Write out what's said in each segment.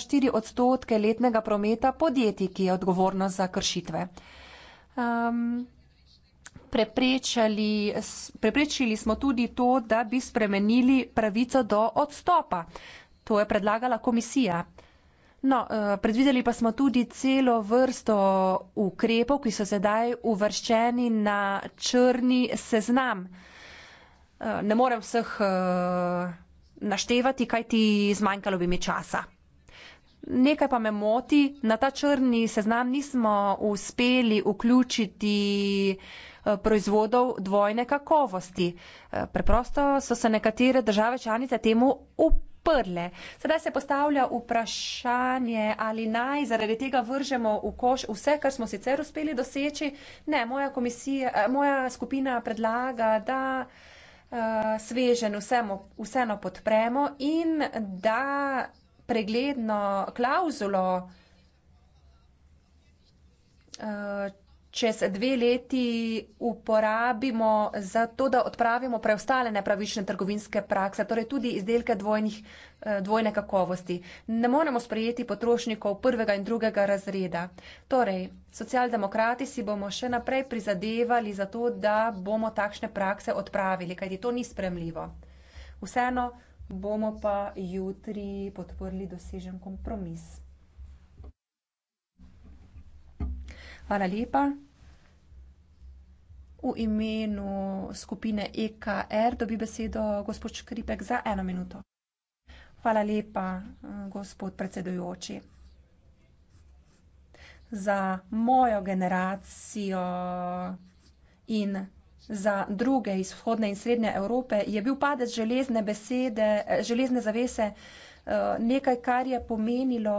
štiri odstotke letnega prometa podjetij, ki je odgovorno za kršitve. Preprečili, preprečili smo tudi to, da bi spremenili pravico do odstopa. To je predlagala komisija. No, e, predvideli pa smo tudi celo vrsto ukrepov, ki so sedaj uvrščeni na črni seznam. E, ne morem vseh e, naštevati, kajti zmanjkalo bi mi časa. Nekaj pa me moti, na ta črni seznam nismo uspeli vključiti eh, proizvodov dvojne kakovosti. Eh, preprosto so se nekatere države članice temu uprle. Sedaj se postavlja vprašanje, ali naj zaradi tega vržemo v koš vse, kar smo sicer uspeli doseči. Ne, moja, komisija, eh, moja skupina predlaga, da uh, svežen vseeno podpremo in da pregledno klauzulo, eh, čez dve leti uporabimo za to, da odpravimo preostale nepravične trgovinske prakse, torej tudi izdelke dvojnih, eh, dvojne kakovosti. Ne moremo sprejeti potrošnikov prvega in drugega razreda. Torej, socialdemokrati si bomo še naprej prizadevali za to, da bomo takšne prakse odpravili, kajti to ni spremljivo. Vseeno bomo pa jutri podprli dosežen kompromis. Hvala lepa. V imenu skupine EKR dobi besedo gospod Škripek za eno minuto. Hvala lepa, gospod predsedujoči. Za mojo generacijo in za druge iz vzhodne in srednje Evrope je bil padec železne besede, železne zavese, eh, nekaj, kar je pomenilo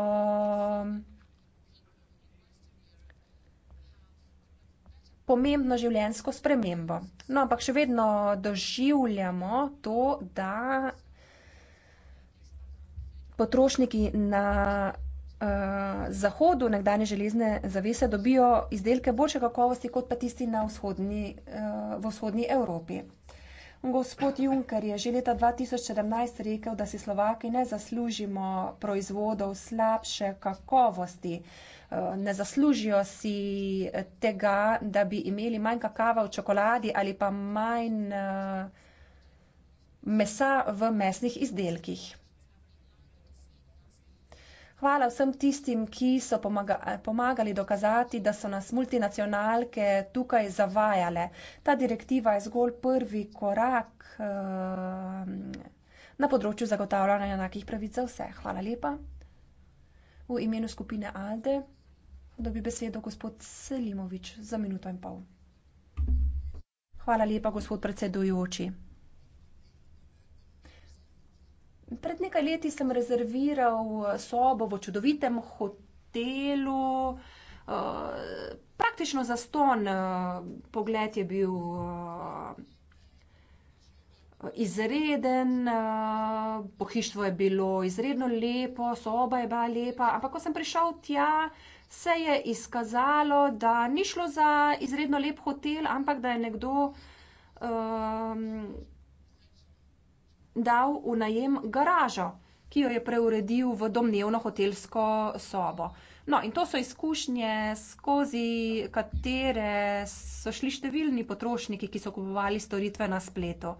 pomembno življenjsko spremembo. No, ampak še vedno doživljamo to, da potrošniki na Eh, zahodu nekdanje železne zavese dobijo izdelke boljše kakovosti kot pa tisti na vzhodni, uh, v vzhodni Evropi. Gospod Juncker je že leta 2017 rekel, da si Slovaki ne zaslužimo proizvodov slabše kakovosti. Eh, ne zaslužijo si tega, da bi imeli manj kakava v čokoladi ali pa manj mesa v mesnih izdelkih. Hvala vsem tistim, ki so pomaga pomagali dokazati, da so nas multinacionalke tukaj zavajale. Ta direktiva je zgolj prvi korak uh, na področju zagotavljanja enakih pravic za vse. Hvala lepa. V imenu skupine Alde dobi besedo gospod Selimovič za minuto in pol. Hvala lepa, gospod predsedujoči pred nekaj leti sem rezerviral eh, sobo v čudovitem hotelu, uh, praktično za ston, uh, pogled je bil. Uh, Izreden, pohištvo je bilo izredno lepo, soba je bila lepa, ampak ko sem prišel tja, se je izkazalo, da ni šlo za izredno lep hotel, ampak da je nekdo um, dal v najem garažo, ki jo je preuredil v domnevno hotelsko sobo. No, in to so izkušnje, skozi katere so šli številni potrošniki, ki so kupovali storitve na spletu.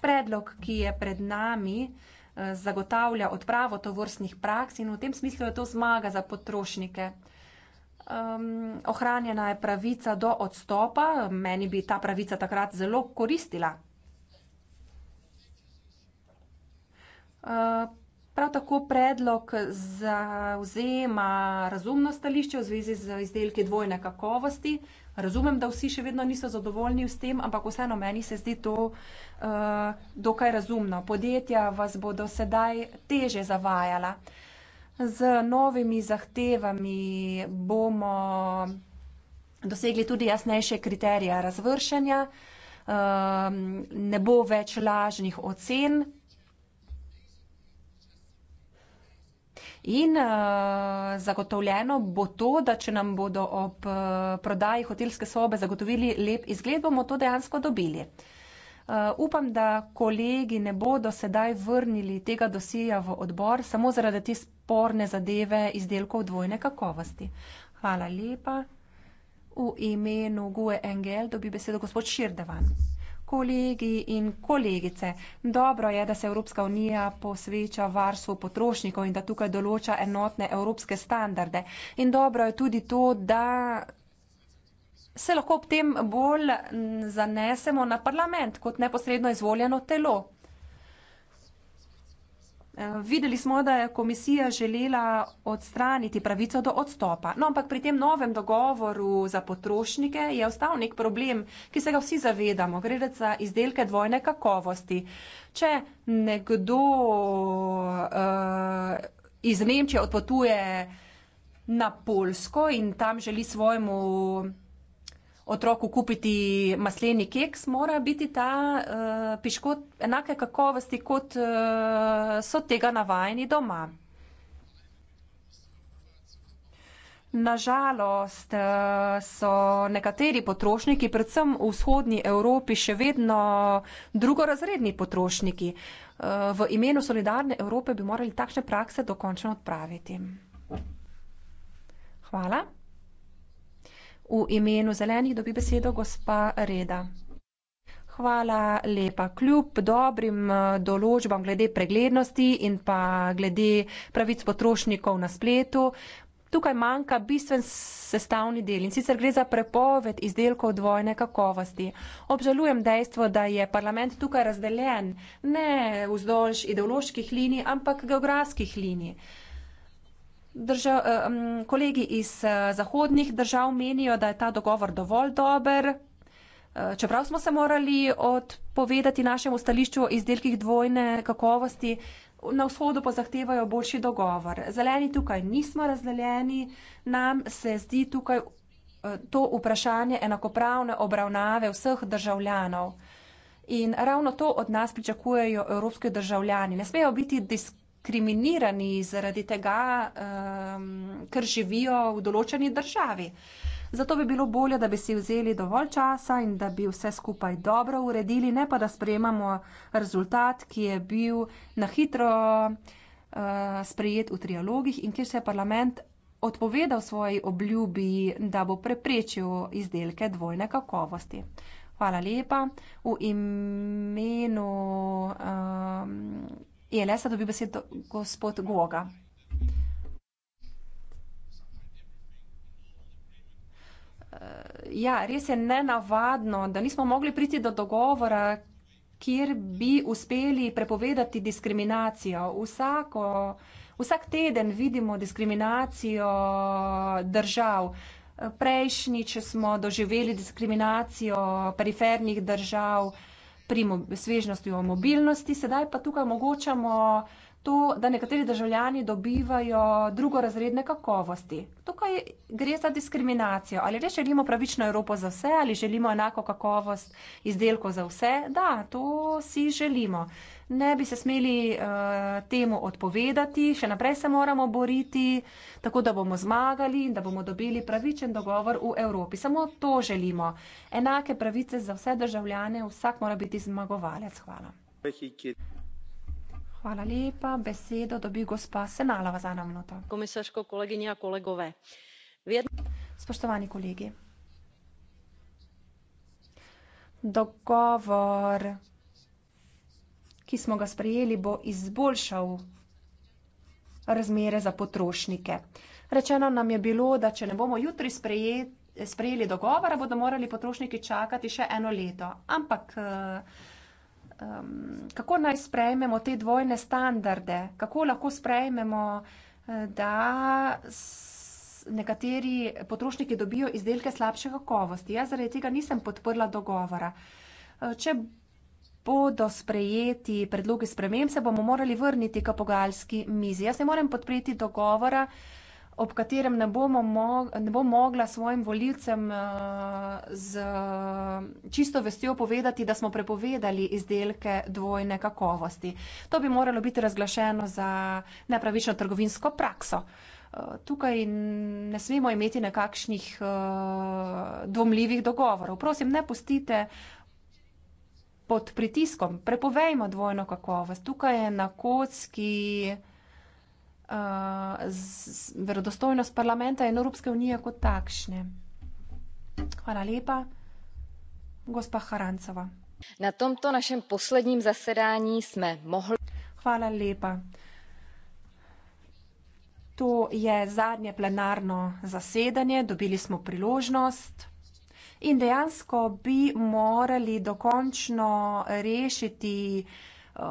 Predlog, ki je pred nami, eh, zagotavlja odpravo tovrstnih praks in v tem smislu je to zmaga za potrošnike. Um, ohranjena je pravica do odstopa, meni bi ta pravica takrat zelo koristila, Prav tako predlog zauzema razumno stališče v zvezi z izdelki dvojne kakovosti. Razumem, da vsi še vedno niso zadovoljni s tem, ampak vseeno meni se zdi to uh, dokaj razumno. Podjetja vas bodo sedaj teže zavajala. Z novimi zahtevami bomo dosegli tudi jasnejše kriterije razvršanja. Uh, eh, ne bo več lažnih ocen, In uh, zagotovljeno bo to, da če nam bodo ob uh, prodaji hotelske sobe zagotovili lep izgled, bomo to dejansko dobili. Uh, upam, da kolegi ne bodo sedaj vrnili tega dosija v odbor samo zaradi te sporne zadeve izdelkov dvojne kakovosti. Hvala lepa. V imenu Gue Engel dobi besedo gospod Širdevan kolegi in kolegice. Dobro je, da se Evropska unija posveča varstvu potrošnikov in da tukaj določa enotne evropske standarde. In dobro je tudi to, da se lahko ob tem bolj zanesemo na parlament kot neposredno izvoljeno telo. Videli smo, da je komisija želela odstraniti pravico do odstopa. No, ampak pri tem novem dogovoru za potrošnike je ostal nek problem, ki se ga vsi zavedamo. Gre za izdelke dvojne kakovosti. Če nekdo uh, iz Nemčije odpotuje na Polsko in tam želi svojemu otroku kupiti masleni keks, mora biti ta uh, piškot enake kakovosti, kot uh, so tega navajeni doma. Nažalost eh, so nekateri potrošniki, predvsem v vzhodnji Evropi, še vedno drugorazredni potrošniki. V imenu solidarne Evrope bi morali takšne prakse dokončno odpraviti. Hvala. V imenu zelenih dobi besedo gospa Reda. Hvala lepa. Kljub dobrim eh, določbam glede preglednosti in pa glede pravic potrošnikov na spletu, tukaj manjka bistven sestavni del in sicer gre za prepoved izdelkov dvojne kakovosti. Obžalujem dejstvo, da je parlament tukaj razdeljen ne vzdolž ideoloških linij, ampak geografskih linij držav, eh, kolegi iz eh, zahodnih držav menijo, da je ta dogovor dovolj dober. Eh, čeprav smo se morali odpovedati našemu stališču o izdelkih dvojne kakovosti, na vzhodu pa zahtevajo boljši dogovor. Zeleni tukaj nismo razdeljeni, nam se zdi tukaj to vprašanje enakopravne obravnave vseh državljanov. In ravno to od nas pričakujejo evropski državljani. Ne smejo biti diskriminirani diskriminirani zaradi tega, um, ker živijo v določeni državi. Zato bi bilo bolje, da bi si vzeli dovolj časa in da bi vse skupaj dobro uredili, ne pa da sprejemamo rezultat, ki je bil na hitro uh, sprejet v trialogih in kjer se je parlament odpovedal svoji obljubi, da bo preprečil izdelke dvojne kakovosti. Hvala lepa. V imenu. Um, Je le, da dobi besedo gospod Goga. ja, res je nenavadno, da nismo mogli priti do dogovora, kjer bi uspeli prepovedati diskriminacijo. Vsako, vsak teden vidimo diskriminacijo držav. prejšnjič smo doživeli diskriminacijo perifernih držav, pri svežnosti o mobilnosti, sedaj pa tukaj omogočamo to, da nekateri državljani dobivajo drugorazredne kakovosti. Tukaj gre za diskriminacijo. Ali res želimo pravično Evropo za vse, ali želimo enako kakovost izdelkov za vse? Da, to si želimo ne bi se smeli uh, temu odpovedati, še naprej se moramo boriti, tako da bomo zmagali in da bomo dobili pravičen dogovor v Evropi. Samo to želimo. Enake pravice za vse državljane, vsak mora biti zmagovalec. Hvala. Hvala lepa. Besedo dobi gospa Senalova za eno minuto. Komisarsko koleginja, kolegove. Vjet... Spoštovani kolegi. Dogovor ki smo ga sprejeli, bo izboljšal razmere za potrošnike. Rečeno nam je bilo, da če ne bomo jutri sprejeti, sprejeli dogovora, bodo morali potrošniki čakati še eno leto. Ampak um, kako naj sprejmemo te dvojne standarde? Kako lahko sprejmemo, eh, da nekateri potrošniki dobijo izdelke slabše kakovosti? Jaz zaradi tega nisem podprla dogovora. Eh, če bodo sprejeti predlogi sprememb, se bomo morali vrniti k pogajalski mizi. Jaz ne morem podpreti dogovora, ob katerem ne, mo ne bom mogla svojim voljivcem uh, eh, z čisto vestjo povedati, da smo prepovedali izdelke dvojne kakovosti. To bi moralo biti razglašeno za nepravično trgovinsko prakso. Eh, tukaj ne smemo imeti nekakšnih uh, dvomljivih dogovorov. Prosim, ne pustite uh, pod pritiskom. Prepovejmo dvojno kakovost. Tukaj je na kocki uh, verodostojnost parlamenta in Evropske unije kot takšne. Hvala lepa, gospa Harancova. Na tomto našem posledním zasedání jsme mohli. Hvala lepa. To je zadnje plenarno zasedanje, dobili smo priložnost in dejansko bi morali dokončno rešiti eh,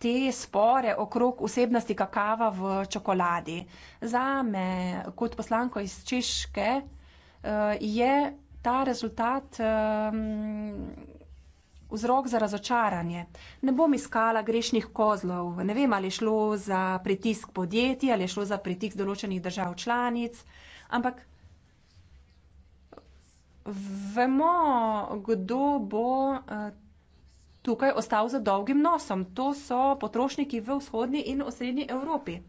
te spore okrog vsebnosti kakava v čokoladi. Za me, kot poslanko iz Češke, eh, je ta rezultat ehm, vzrok za razočaranje. Ne bom iskala grešnih kozlov, ne vem, ali je šlo za pritisk podjetij, ali je šlo za pritisk določenih držav članic, ampak vemo, kdo bo eh, tukaj ostal za dolgim nosom. To so potrošniki v vzhodni in osrednji Evropi.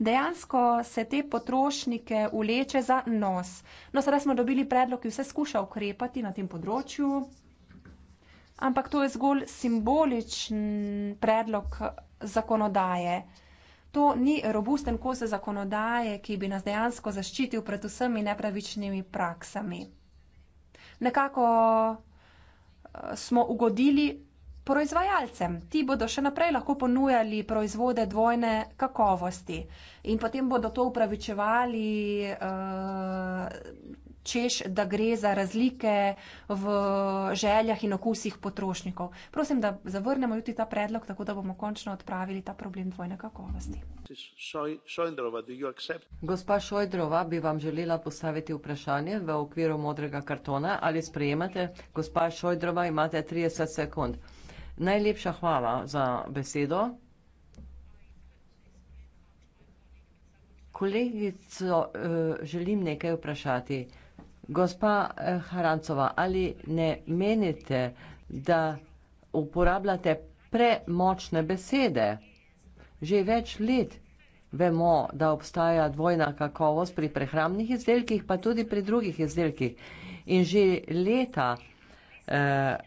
Dejansko se te potrošnike uleče za nos. No, sedaj smo dobili predlog, ki vse skuša ukrepati na tem področju, ampak to je zgolj simboličen predlog zakonodaje to ni robusten kose zakonodaje, ki bi nas dejansko zaščitil pred vsemi nepravičnimi praksami. Nekako eh, smo ugodili proizvajalcem. Ti bodo še naprej lahko ponujali proizvode dvojne kakovosti in potem bodo to upravičevali. Uh, češ, da gre za razlike v željah in okusih potrošnikov. Prosim, da zavrnemo jutri ta predlog, tako da bomo končno odpravili ta problem dvojne kakovosti. Gospa Šojdrova, bi vam želela postaviti vprašanje v okviru modrega kartona. Ali sprejemate? Gospa Šojdrova, imate 30 sekund. Najlepša hvala za besedo. Kolegico eh, želim nekaj vprašati. Gospa eh, Harancova, ali ne menite, da uporabljate premočne besede? Že več let vemo, da obstaja dvojna kakovost pri prehramnih izdelkih, pa tudi pri drugih izdelkih. In že leta eh,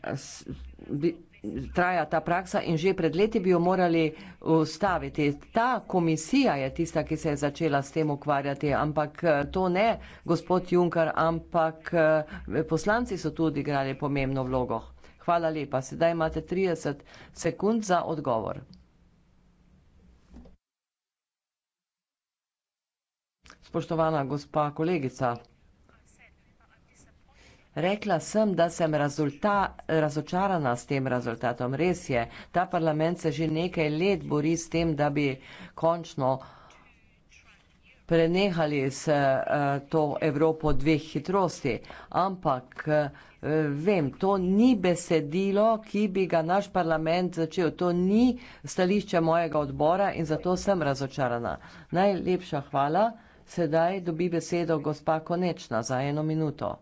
traja ta praksa in že pred leti bi jo morali ustaviti. Ta komisija je tista, ki se je začela s tem ukvarjati, ampak eh, to ne gospod Juncker, ampak eh, poslanci so tudi igrali pomembno vlogo. Hvala lepa. Sedaj imate 30 sekund za odgovor. Spoštovana gospa kolegica, Rekla sem, da sem rezulta, razočarana s tem rezultatom. Res je, ta parlament se že nekaj let bori s tem, da bi končno prenehali s uh, to Evropo dveh hitrosti. Ampak, uh, vem, to ni besedilo, ki bi ga naš parlament začel. To ni stališče mojega odbora in zato sem razočarana. Najlepša hvala. Sedaj dobi besedo gospa Konečna za eno minuto.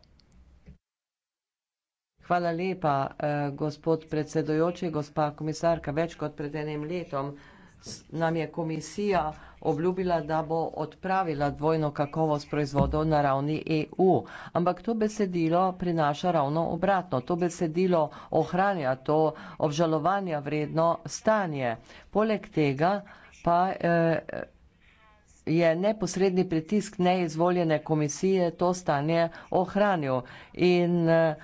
Hvala lepa, eh, gospod predsedujoči, gospa komisarka. Več kot pred enim letom nam je komisija obljubila, da bo odpravila dvojno kakovost proizvodov na ravni EU. Ampak to besedilo prinaša ravno obratno. To besedilo ohranja to obžalovanja vredno stanje. Poleg tega pa eh, je neposredni pritisk neizvoljene komisije to stanje ohranil. In, eh,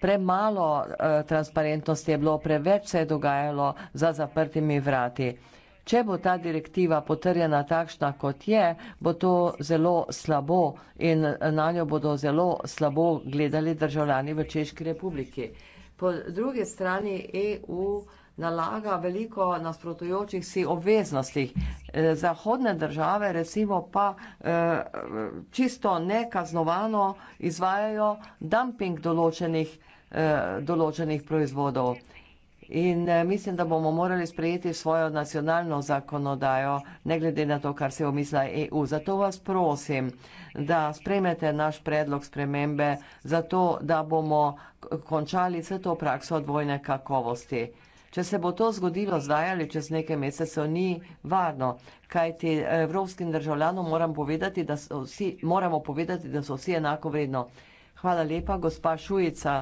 premalo uh, transparentnosti je bilo, preveč se je dogajalo za zaprtimi vrati. Če bo ta direktiva potrjena takšna, kot je, bo to zelo slabo in eh, na njo bodo zelo slabo gledali državljani v Češki republiki. Po drugi strani EU. Uh, nalaga veliko nasprotujočih si obveznosti. E, zahodne države recimo pa e, čisto nekaznovano izvajajo dumping določenih, e, določenih proizvodov. In mislim, da bomo morali sprejeti svojo nacionalno zakonodajo, ne glede na to, kar se je omisla EU. Zato vas prosim, da spremete naš predlog spremembe, zato da bomo končali vse to prakso dvojne kakovosti. Če se bo to zgodilo zdaj ali čez nekaj mesecev, ni varno, kajti evropskim državljanom moram povedati, da so vsi, moramo povedati, da so vsi enako vredno. Hvala lepa, gospa Šujica.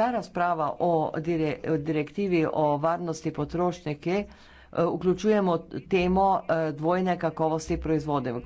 Ta razprava o direktivi o varnosti potrošnike eh, vključujemo temo eh, dvojne kakovosti proizvodov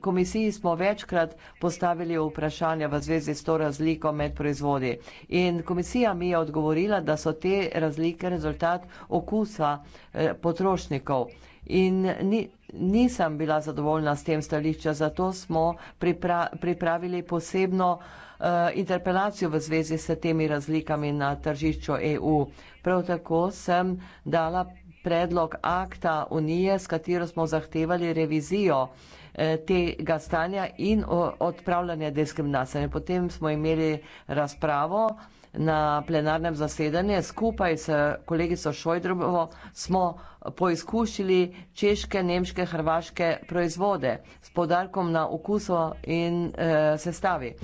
komisiji smo večkrat postavili vprašanja v zvezi s to razliko med proizvodi. In komisija mi je odgovorila, da so te razlike rezultat okusa eh, potrošnikov. In ni, nisem bila zadovoljna s tem stališča, zato smo pripra, pripravili posebno uh, interpelacijo v zvezi s temi razlikami na tržišču EU. Prav tako sem dala predlog akta Unije, s katero smo zahtevali revizijo uh, Eh, tega stanja in odpravljanja diskriminacije. Potem smo imeli razpravo na plenarnem zasedanju skupaj s kolegico Šojdrobovo smo poizkušili češke, nemške, hrvaške proizvode s podarkom na okusu in e, sestavi.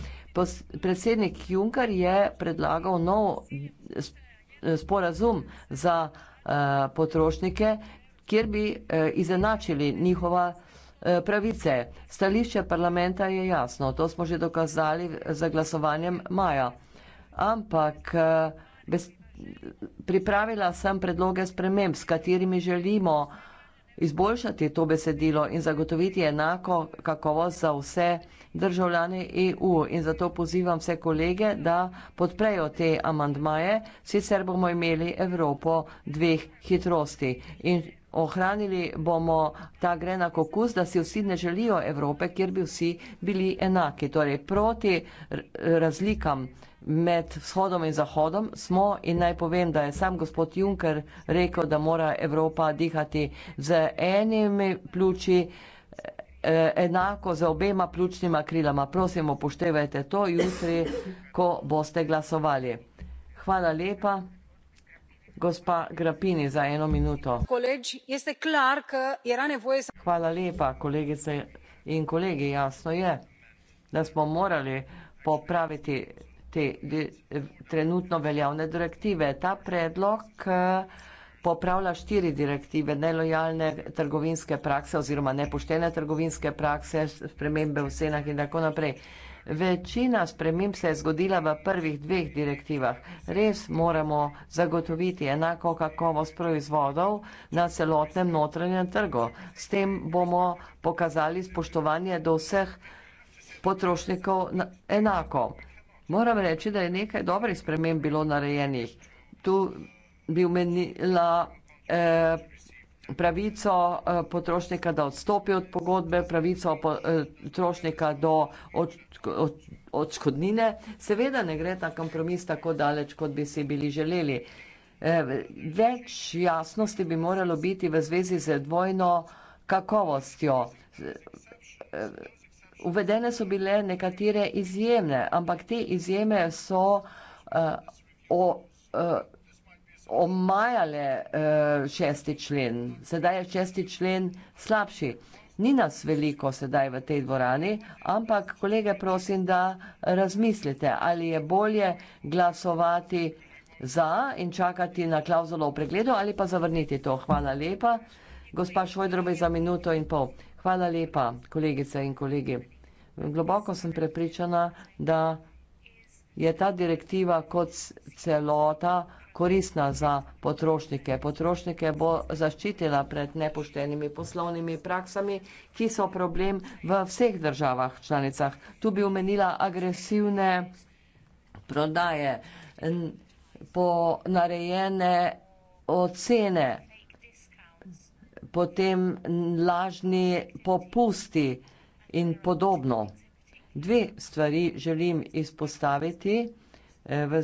Predsednik Juncker je predlagal nov sporazum za e, potrošnike, kjer bi e, izenačili njihova Eh, pravice. Stališče parlamenta je jasno, to smo že dokazali za glasovanjem maja. Ampak eh, bez, pripravila sem predloge sprememb, s katerimi želimo izboljšati to besedilo in zagotoviti enako kakovost za vse državljane EU. In zato pozivam vse kolege, da podprejo te amandmaje, sicer bomo imeli Evropo dveh hitrosti. In ohranili bomo ta grenak okus, da si vsi ne želijo Evrope, kjer bi vsi bili enaki. Torej, proti razlikam med vzhodom in zahodom smo in naj povem, da je sam gospod Juncker rekel, da mora Evropa dihati z enimi pljuči e, enako za obema pljučnima krilama. Prosim, upoštevajte to jutri, ko boste glasovali. Hvala lepa. Hvala lepa, kolegice in kolegi. Jasno je, da smo morali popraviti te trenutno veljavne direktive. Ta predlog eh, popravlja štiri direktive nelojalne trgovinske prakse oziroma nepoštene trgovinske prakse, spremembe v cenah in tako naprej. Večina sprememb se je zgodila v prvih dveh direktivah. Res moramo zagotoviti enako kakovost proizvodov na celotnem notranjem trgu. S tem bomo pokazali spoštovanje do vseh potrošnikov enako. Moram reči, da je nekaj dobrih sprememb bilo narejenih. Tu bi omenila. Eh, pravico eh, potrošnika, da odstopi od pogodbe, pravico eh, potrošnika do odškodnine. Seveda ne gre ta kompromis tako daleč, kot bi si bili želeli. Eh, več jasnosti bi moralo biti v zvezi z dvojno kakovostjo. Uvedene so bile nekatere izjemne, ampak te izjeme so o omajale uh, šesti člen, sedaj je šesti člen slabši. Ni nas veliko sedaj v tej dvorani, ampak kolege prosim, da razmislite, ali je bolje glasovati za in čakati na klauzulo v pregledu ali pa zavrniti to. Hvala lepa. Gospa Švojdrobe za minuto in pol. Hvala lepa, kolegice in kolegi. Globoko sem prepričana, da je ta direktiva kot celota koristna za potrošnike. Potrošnike bo zaščitila pred nepoštenimi poslovnimi praksami, ki so problem v vseh državah članicah. Tu bi omenila agresivne prodaje, po narejene ocene, potem lažni popusti in podobno. Dve stvari želim izpostaviti eh, v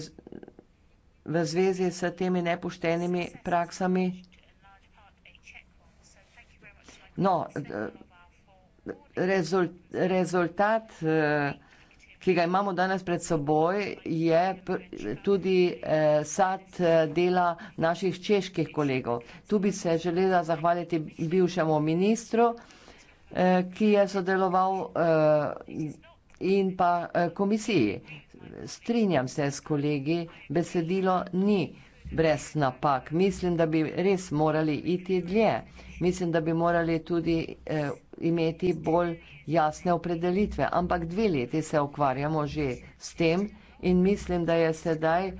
v zvezi s temi nepoštenimi praksami. No, rezultat, ki ga imamo danes pred seboj, je tudi sad dela naših čeških kolegov. Tu bi se želela zahvaliti bivšemu ministru, ki je sodeloval in pa komisiji strinjam se s kolegi, besedilo ni brez napak. Mislim, da bi res morali iti dlje. Mislim, da bi morali tudi eh, imeti bolj jasne opredelitve. Ampak dve leti se ukvarjamo že s tem in mislim, da je sedaj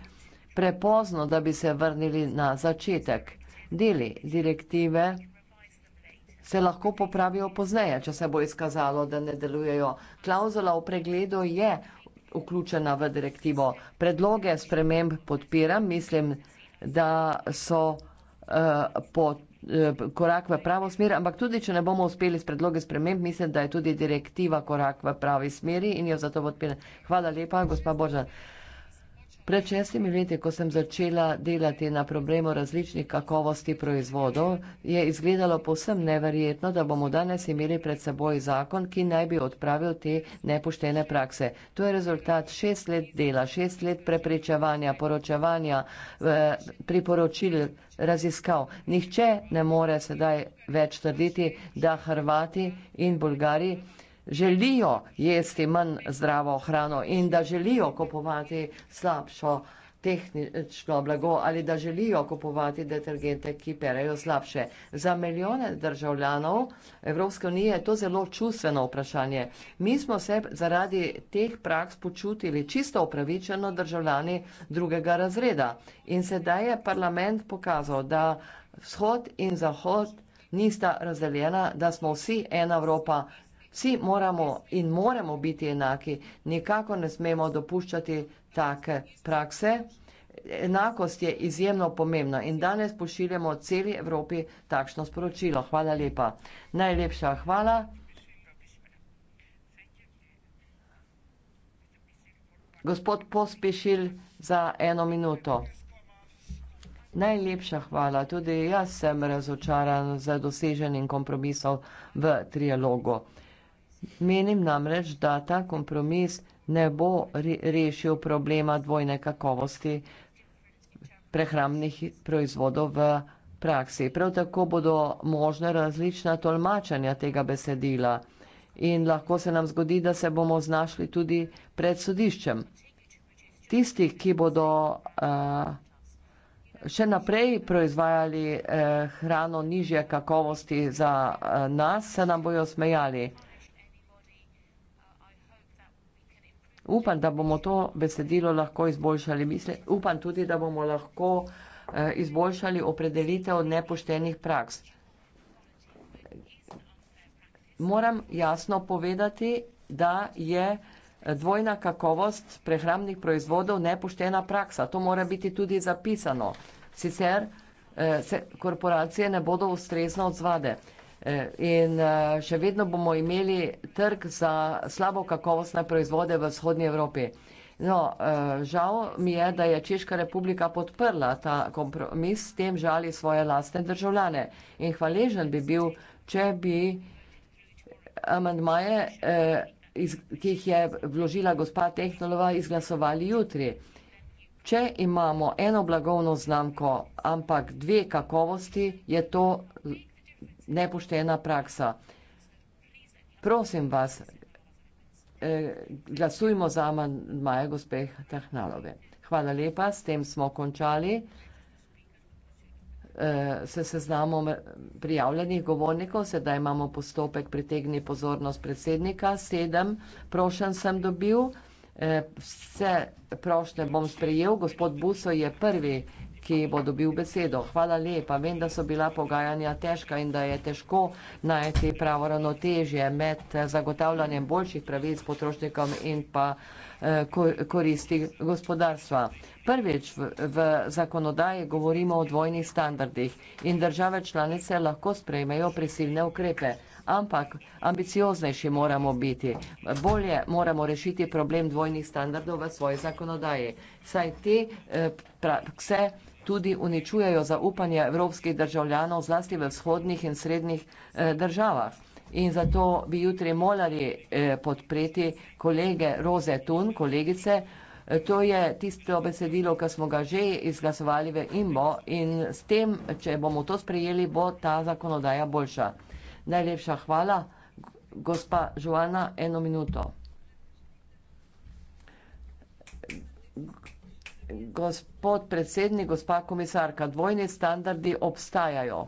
prepozno, da bi se vrnili na začetek. Deli direktive se lahko popravijo pozneje, če se bo izkazalo, da ne delujejo. Klauzula v pregledu je vključena v direktivo. Predloge sprememb podpiram, mislim, da so eh, eh, korak v pravo smer, ampak tudi, če ne bomo uspeli s predloge sprememb, mislim, da je tudi direktiva korak v pravi smeri in jo zato podpiram. Hvala lepa, gospa Božan. Pred šestimi leti, ko sem začela delati na problemu različnih kakovosti proizvodov, je izgledalo povsem neverjetno, da bomo danes imeli pred seboj zakon, ki naj bi odpravil te nepoštene prakse. To je rezultat šest let dela, šest let preprečevanja, poročevanja, eh, priporočil, raziskav. Nihče ne more sedaj več trditi, da Hrvati in Bolgari želijo jesti manj zdravo hrano in da želijo kupovati slabšo tehnično blago ali da želijo kupovati detergente, ki perejo slabše. Za milijone državljanov Evropske unije je to zelo čustveno vprašanje. Mi smo se zaradi teh praks počutili čisto upravičeno državljani drugega razreda. In sedaj je parlament pokazal, da vzhod in zahod nista razdeljena, da smo vsi ena Evropa, Vsi moramo in moramo biti enaki, nikako ne smemo dopuščati take prakse. Enakost je izjemno pomembna in danes pošiljamo celi Evropi takšno sporočilo. Hvala lepa. Najlepša hvala. Gospod Pospešil za eno minuto. Najlepša hvala. Tudi jaz sem razočaran za doseženim kompromisom v trialogu. Menim namreč, da ta kompromis ne bo rešil problema dvojne kakovosti prehrambnih proizvodov v praksi. Prav tako bodo možne različna tolmačanja tega besedila in lahko se nam zgodi, da se bomo znašli tudi pred sodiščem. Tisti, ki bodo uh, še naprej proizvajali uh, hrano nižje kakovosti za uh, nas, se nam bojo smejali. Upam, da bomo to besedilo lahko izboljšali. Mislim, upam tudi, da bomo lahko eh, izboljšali opredelitev nepoštenih praks. Moram jasno povedati, da je eh, dvojna kakovost prehrambnih proizvodov nepoštena praksa. To mora biti tudi zapisano. Sicer eh, se korporacije ne bodo ustrezno odzvade. Eh, Eh, in eh, še vedno bomo imeli trg za slabo kakovostne proizvode v vzhodnji Evropi. No, eh, žal mi je, da je Češka republika podprla ta kompromis, s tem žali svoje lastne državljane. In hvaležen bi bil, če bi amendmaje, ki jih je vložila gospa Tehnolova, izglasovali jutri. Če imamo eno blagovno znamko, ampak dve kakovosti, je to nepoštena praksa. Prosim vas, eh, glasujmo za Maja gospeh Tahnalove. Hvala lepa, s tem smo končali. Eh, se seznamo prijavljenih govornikov, sedaj imamo postopek pritegni pozornost predsednika. Sedem prošen sem dobil, eh, vse prošnje bom sprejel, gospod Buso je prvi ki bo dobil besedo. Hvala lepa. Vem, da so bila pogajanja težka in da je težko najti pravo ravnotežje med eh, zagotavljanjem boljših pravic potrošnikom in pa eh, koristi gospodarstva. Prvič v, v zakonodaji govorimo o dvojnih standardih in države članice lahko sprejmejo prisilne ukrepe, ampak ambicioznejši moramo biti. Bolje moramo rešiti problem dvojnih standardov v svoji zakonodaji, saj te eh, prakse eh, tudi uničujejo zaupanje evropskih državljanov, zlasti v vzhodnih in srednjih eh, državah. In zato bi jutri morali eh, podpreti kolege Roze Tun, kolegice. Eh, to je tisto besedilo, ki smo ga že izglasovali v IMBO in s tem, če bomo to sprejeli, bo ta zakonodaja boljša. Najlepša hvala. Gospa Žuana, eno minuto. Gospod predsednik, gospa komisarka, dvojni standardi obstajajo.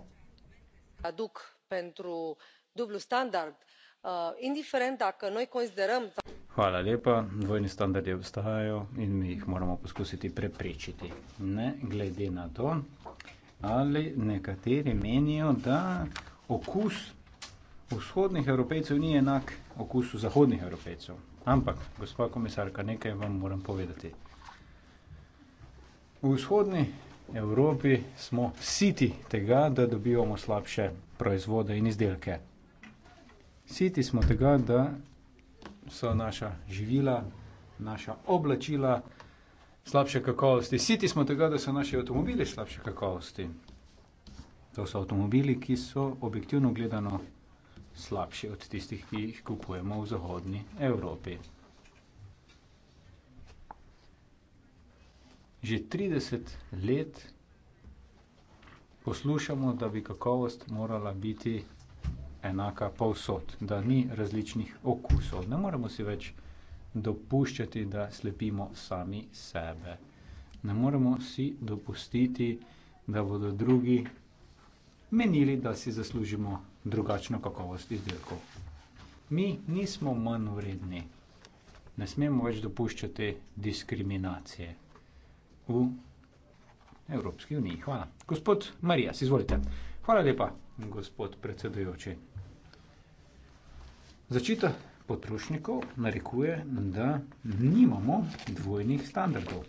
Aduc pentru dublu standard. Uh, indiferent dacă noi considerăm... Hvala lepa. Dvojni standardi obstajajo in mi jih moramo poskusiti preprečiti. Ne glede na to, ali nekateri menijo, da okus vzhodnih evropejcev ni enak okusu zahodnih evropejcev. Ampak, gospa komisarka, nekaj vam moram povedati. V vzhodni Evropi smo siti tega, da dobivamo slabše proizvode in izdelke. Siti smo tega, da so naša živila, naša oblačila slabše kakovosti. Siti smo tega, da so naši avtomobili slabše kakovosti. To so avtomobili, ki so objektivno gledano slabši od tistih, ki jih kupujemo v zahodni Evropi. že 30 let poslušamo, da bi kakovost morala biti enaka povsod, da ni različnih okusov. Ne moremo si več dopuščati, da slepimo sami sebe. Ne moremo si dopustiti, da bodo drugi menili, da si zaslužimo drugačno kakovost izdelkov. Mi nismo manj vredni. Ne smemo več dopuščati diskriminacije v Evropski uniji. Hvala. Gospod Marijas, izvolite. Hvala lepa, gospod predsedujoči. Začita potrošnikov narekuje, da nimamo dvojnih standardov.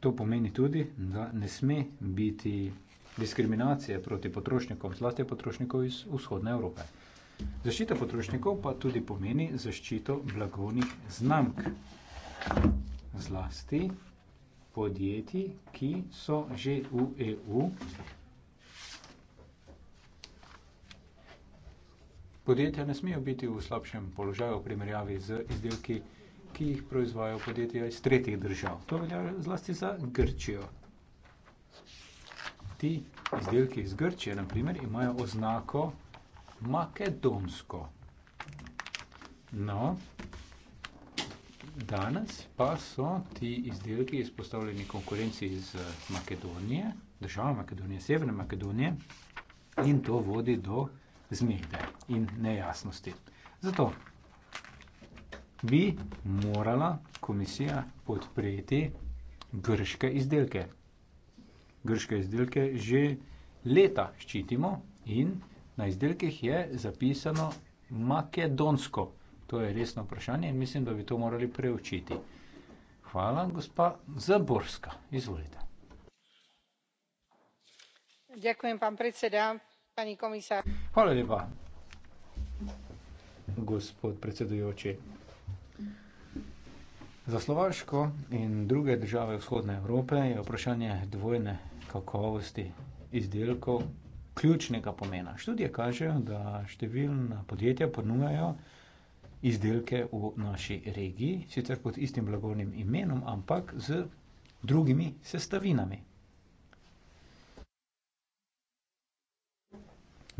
To pomeni tudi, da ne sme biti diskriminacije proti potrošnikom, zlasti potrošnikov iz vzhodne Evrope. Zaščita potrošnikov pa tudi pomeni zaščito blagovnih znamk zlasti podjetij, ki so že v EU. Podjetja ne smejo biti v slabšem položaju v primerjavi z izdelki, ki jih proizvajajo podjetja iz tretjih držav. To velja zlasti za Grčijo. Ti izdelki iz Grčije, na primer, imajo oznako makedonsko. No, Danes pa so ti izdelki izpostavljeni konkurenci iz eh, Makedonije, država Makedonije, Severne Makedonije in to vodi do zmede in nejasnosti. Zato bi morala komisija podpreti grške izdelke. Grške izdelke že leta ščitimo in na izdelkih je zapisano makedonsko. To je resno vprašanje in mislim, da bi to morali preučiti. Hvala, gospa Zaborska. Izvolite. Ďakujem, pán predseda, pani komisár. Hvala lepa, gospod predsedujoči. Za Slovaško in druge države vzhodne Evrope je vprašanje dvojne kakovosti izdelkov ključnega pomena. Študije kažejo, da številna podjetja ponujajo izdelke v naši regiji, sicer pod istim blagovnim imenom, ampak z drugimi sestavinami.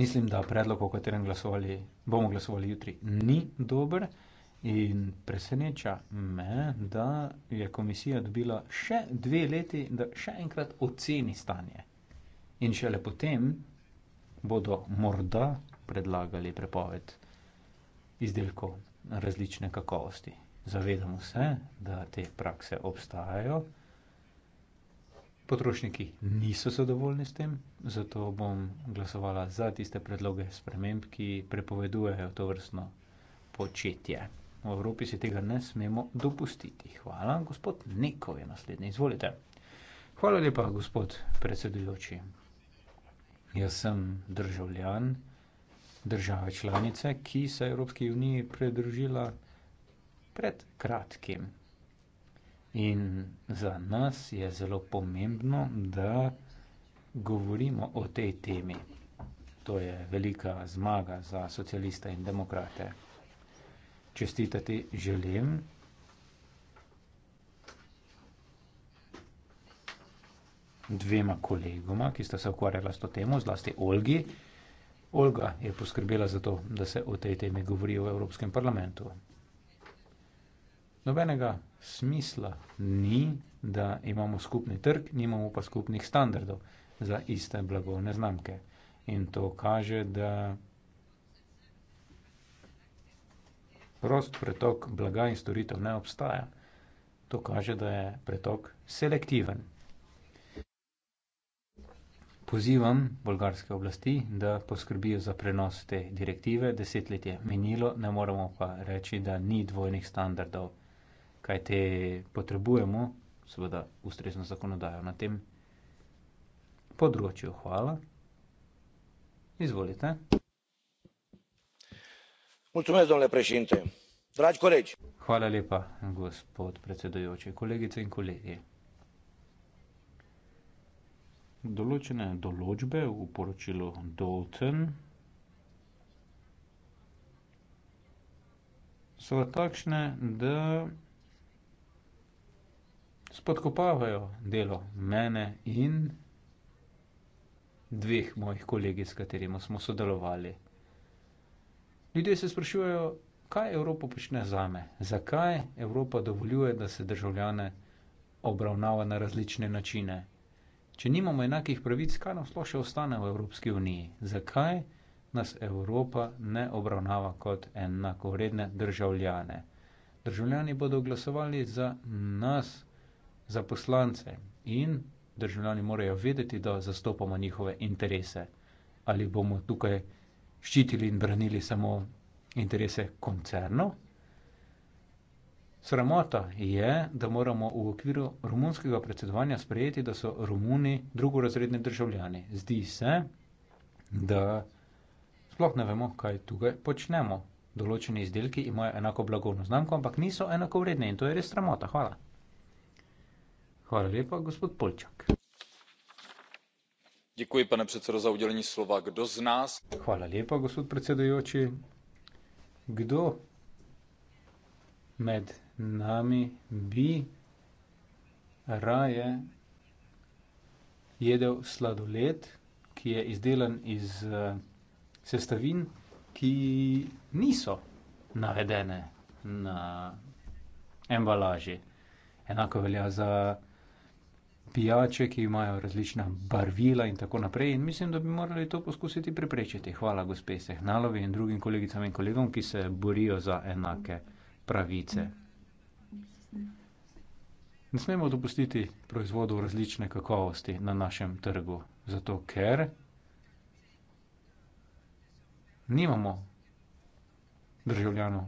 Mislim, da predlog, o katerem glasovali, bomo glasovali jutri, ni dober in preseneča me, da je komisija dobila še dve leti, da še enkrat oceni stanje. In šele potem bodo morda predlagali prepoved izdelkov različne kakovosti. Zavedamo se, da te prakse obstajajo. Potrošniki niso zadovoljni s tem, zato bom glasovala za tiste predloge sprememb, ki prepovedujejo to vrstno početje. V Evropi si tega ne smemo dopustiti. Hvala, gospod Nekov je naslednji. Izvolite. Hvala lepa, gospod predsedujoči. Jaz sem državljan države članice, ki se Evropski uniji pridružila pred kratkim. In za nas je zelo pomembno, da govorimo o tej temi. To je velika zmaga za socialiste in demokrate. Čestitati želim. Dvema kolegoma, ki sta se ukvarjala s to temo, zlasti Olgi, Olga je poskrbela za to, da se o tej temi govori v Evropskem parlamentu. Nobenega smisla ni, da imamo skupni trg, nimamo pa skupnih standardov za iste blagovne znamke. In to kaže, da prost pretok blaga in storitev ne obstaja. To kaže, da je pretok selektiven pozivam bolgarske oblasti, da poskrbijo za prenos te direktive. Desetletje je minilo, ne moramo pa reči, da ni dvojnih standardov, kaj te potrebujemo, seveda ustrezno zakonodajo na tem področju. Hvala. Izvolite. Mulțumesc, domnule președinte. Dragi colegi! Hvala lepa, gospod predsedujoči, kolegice in kolegi določene določbe v poročilu Dalton. So takšne, da spodkopavajo delo mene in dveh mojih kolegi, s katerimi smo sodelovali. Ljudje se sprašujejo, kaj Evropa počne zame, zakaj Evropa dovoljuje, da se državljane obravnava na različne načine, Če nimamo enakih pravic, kaj nam sploh še ostane v Evropski uniji? Zakaj nas Evropa ne obravnava kot enakovredne državljane? Državljani bodo glasovali za nas, za poslance in državljani morajo vedeti, da zastopamo njihove interese. Ali bomo tukaj ščitili in branili samo interese koncernov? Sramota je, da moramo v okviru rumunskega predsedovanja sprejeti, da so Romuni drugorazredni državljani. Zdi se, da sploh ne vemo, kaj tukaj počnemo. Določeni izdelki imajo enako blagovno znamko, ampak niso enako vredni in to je res sramota. Hvala. Hvala lepa, gospod Polčak. Děkuji, pane predsedo, za udělení slova. Kdo z nás? Hvala lepa, gospod predsedujoči. Kdo med nami bi raje jedel sladoled, ki je izdelan iz eh, sestavin, ki niso navedene na embalaži. Enako velja za pijače, ki imajo različna barvila in tako naprej. In mislim, da bi morali to poskusiti preprečiti. Hvala gospe Sehnalovi in drugim kolegicam in kolegom, ki se borijo za enake. Mm pravice. Ne smemo dopustiti proizvodov različne kakovosti na našem trgu, zato ker nimamo državljanov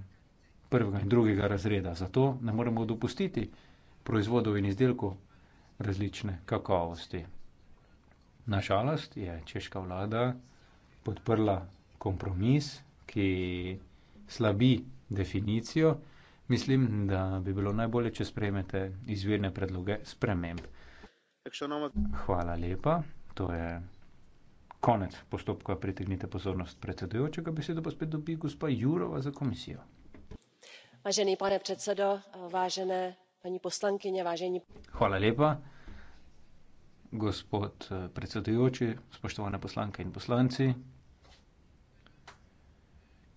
prvega in drugega razreda, zato ne moremo dopustiti proizvodov in izdelkov različne kakovosti. Nažalost je češka vlada podprla kompromis, ki slabi definicijo, Mislim, da bi bilo najbolje, če sprejmete izvirne predloge sprememb. Hvala lepa. To je konec postopka. Pritegnite pozornost predsedujočega. Besedo pa spet dobi gospa Jurova za komisijo. Vážený pane predsedo, vážené paní poslankyně, vážení. Hvala lepa. Gospod eh, predsedujoči, spoštovane poslanke in poslanci.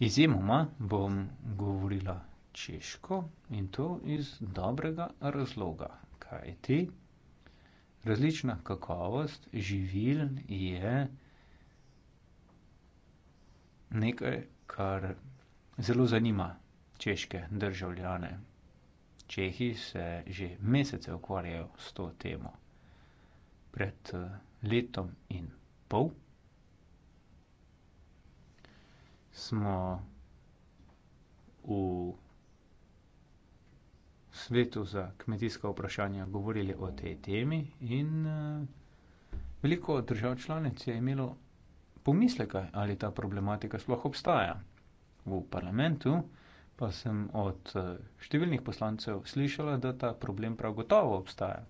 Izjemoma bom govorila češko in to iz dobrega razloga, kaj ti različna kakovost živil je nekaj, kar zelo zanima češke državljane. Čehi se že mesece ukvarjajo s to temo. Pred eh, letom in pol smo v svetu za kmetijska vprašanja govorili o tej temi in uh, veliko držav članic je imelo pomisleka, ali ta problematika sploh obstaja. V parlamentu pa sem od uh, številnih poslancev slišala, da ta problem prav gotovo obstaja.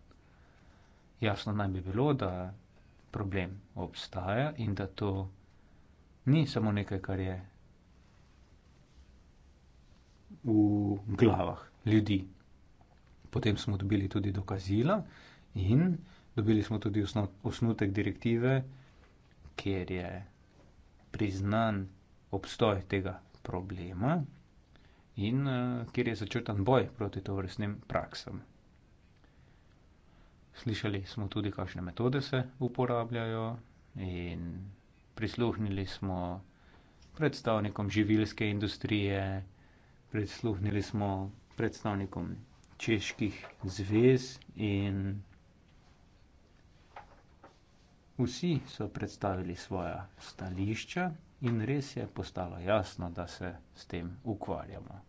Jasno naj bi bilo, da problem obstaja in da to ni samo nekaj, kar je v glavah ljudi. Potem smo dobili tudi dokazila in dobili smo tudi osnutek direktive, kjer je priznan obstoj tega problema in eh, kjer je začrtan boj proti tovrstnim praksam. Slišali smo tudi, kakšne metode se uporabljajo in prisluhnili smo predstavnikom živilske industrije, prisluhnili smo predstavnikom čeških zvez in vsi so predstavili svoja stališča in res je postalo jasno, da se s tem ukvarjamo.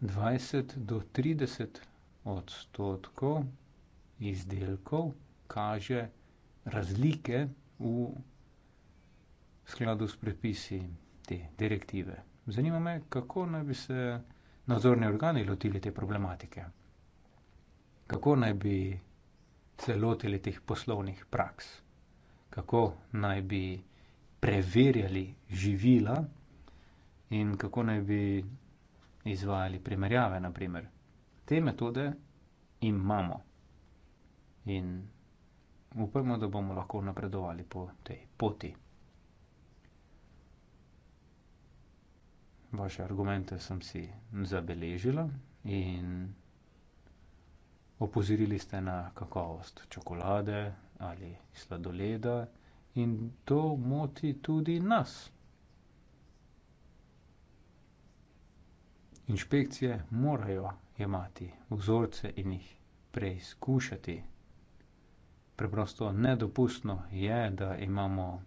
Dvajset do trideset odstotkov izdelkov kaže razlike v skladu s predpisi te direktive. Zanima me, kako naj bi se nadzorni organi lotili te problematike. Kako naj bi se lotili teh poslovnih praks? Kako naj bi preverjali živila in kako naj bi izvajali primerjave? Naprimer. Te metode imamo in upamo, da bomo lahko napredovali po tej poti. vaše argumente sem si zabeležila in opozorili ste na kakovost čokolade ali sladoleda in to moti tudi nas. Inšpekcije morajo imati vzorce in jih preizkušati. Preprosto nedopustno je, da imamo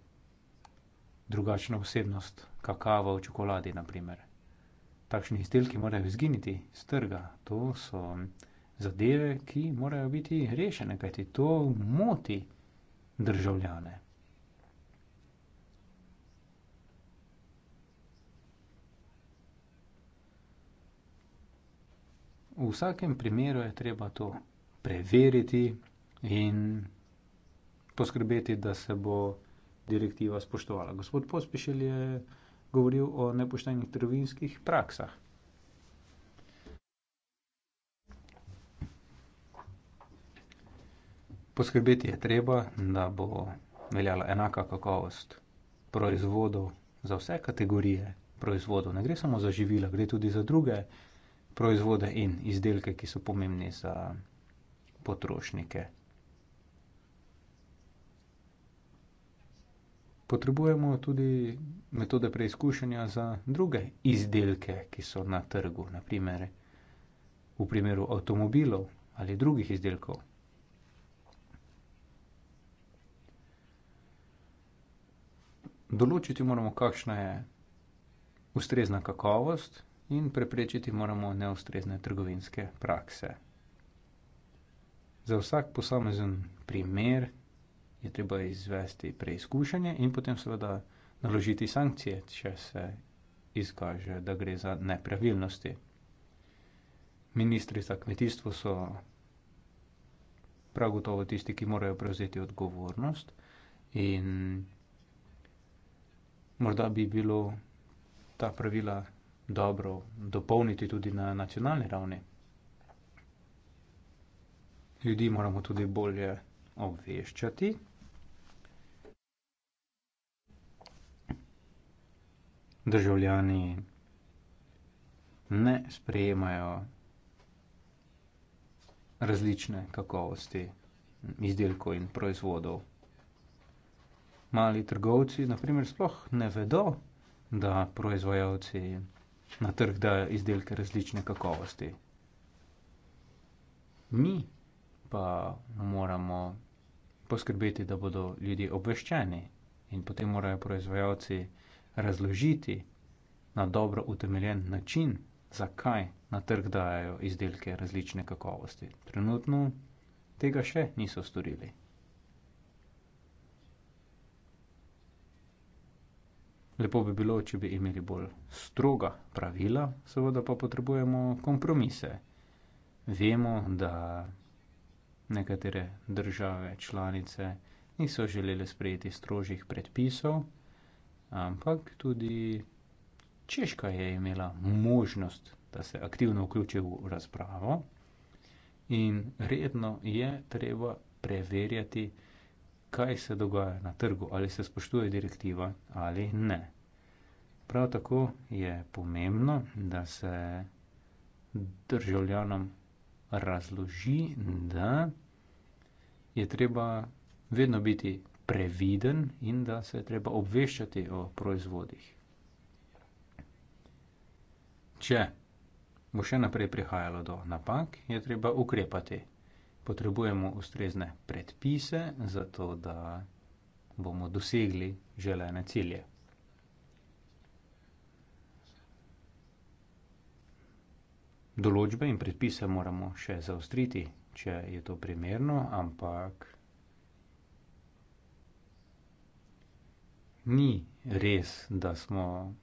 drugačno osebnost, kakava v čokoladi, naprimer. Takšni izdelki morajo izginiti z trga. To so zadeve, ki morajo biti rešene, kajti to moti državljane. V vsakem primeru je treba to preveriti in poskrbeti, da se bo direktiva spoštovala. Gospod Pospišel je govoril o nepoštenih trgovinskih praksah. Poskrbeti je treba, da bo veljala enaka kakovost proizvodov za vse kategorije proizvodov. Ne gre samo za živila, gre tudi za druge proizvode in izdelke, ki so pomembni za potrošnike. potrebujemo tudi metode preizkušanja za druge izdelke, ki so na trgu, naprimer v primeru avtomobilov ali drugih izdelkov. Določiti moramo, kakšna je ustrezna kakovost in preprečiti moramo neustrezne trgovinske prakse. Za vsak posamezen primer je treba izvesti preizkušanje in potem seveda naložiti sankcije, če se izkaže, da gre za nepravilnosti. Ministri za kmetijstvo so prav gotovo tisti, ki morajo prevzeti odgovornost in morda bi bilo ta pravila dobro dopolniti tudi na nacionalni ravni. Ljudi moramo tudi bolje obveščati. državljani ne sprejemajo različne kakovosti izdelkov in proizvodov. Mali trgovci, na primer, sploh ne vedo, da proizvajalci na trg dajo izdelke različne kakovosti. Mi pa moramo poskrbeti, da bodo ljudje obveščeni, in potem morajo proizvajalci razložiti na dobro utemeljen način, zakaj na trg dajo izdelke različne kakovosti. Trenutno tega še niso storili. Lepo bi bilo, če bi imeli bolj stroga pravila, seveda pa potrebujemo kompromise. Vemo, da nekatere države članice niso želeli sprejeti strožjih predpisov ampak tudi Češka je imela možnost, da se aktivno vključi v razpravo in redno je treba preverjati, kaj se dogaja na trgu, ali se spoštuje direktiva ali ne. Prav tako je pomembno, da se državljanom razloži, da je treba vedno biti previden in da se je treba obveščati o proizvodih. Če bo še naprej prihajalo do napak, je treba ukrepati. Potrebujemo ustrezne predpise, zato da bomo dosegli želene cilje. Določbe in predpise moramo še zaostriti, če je to primerno, ampak ni res, da smo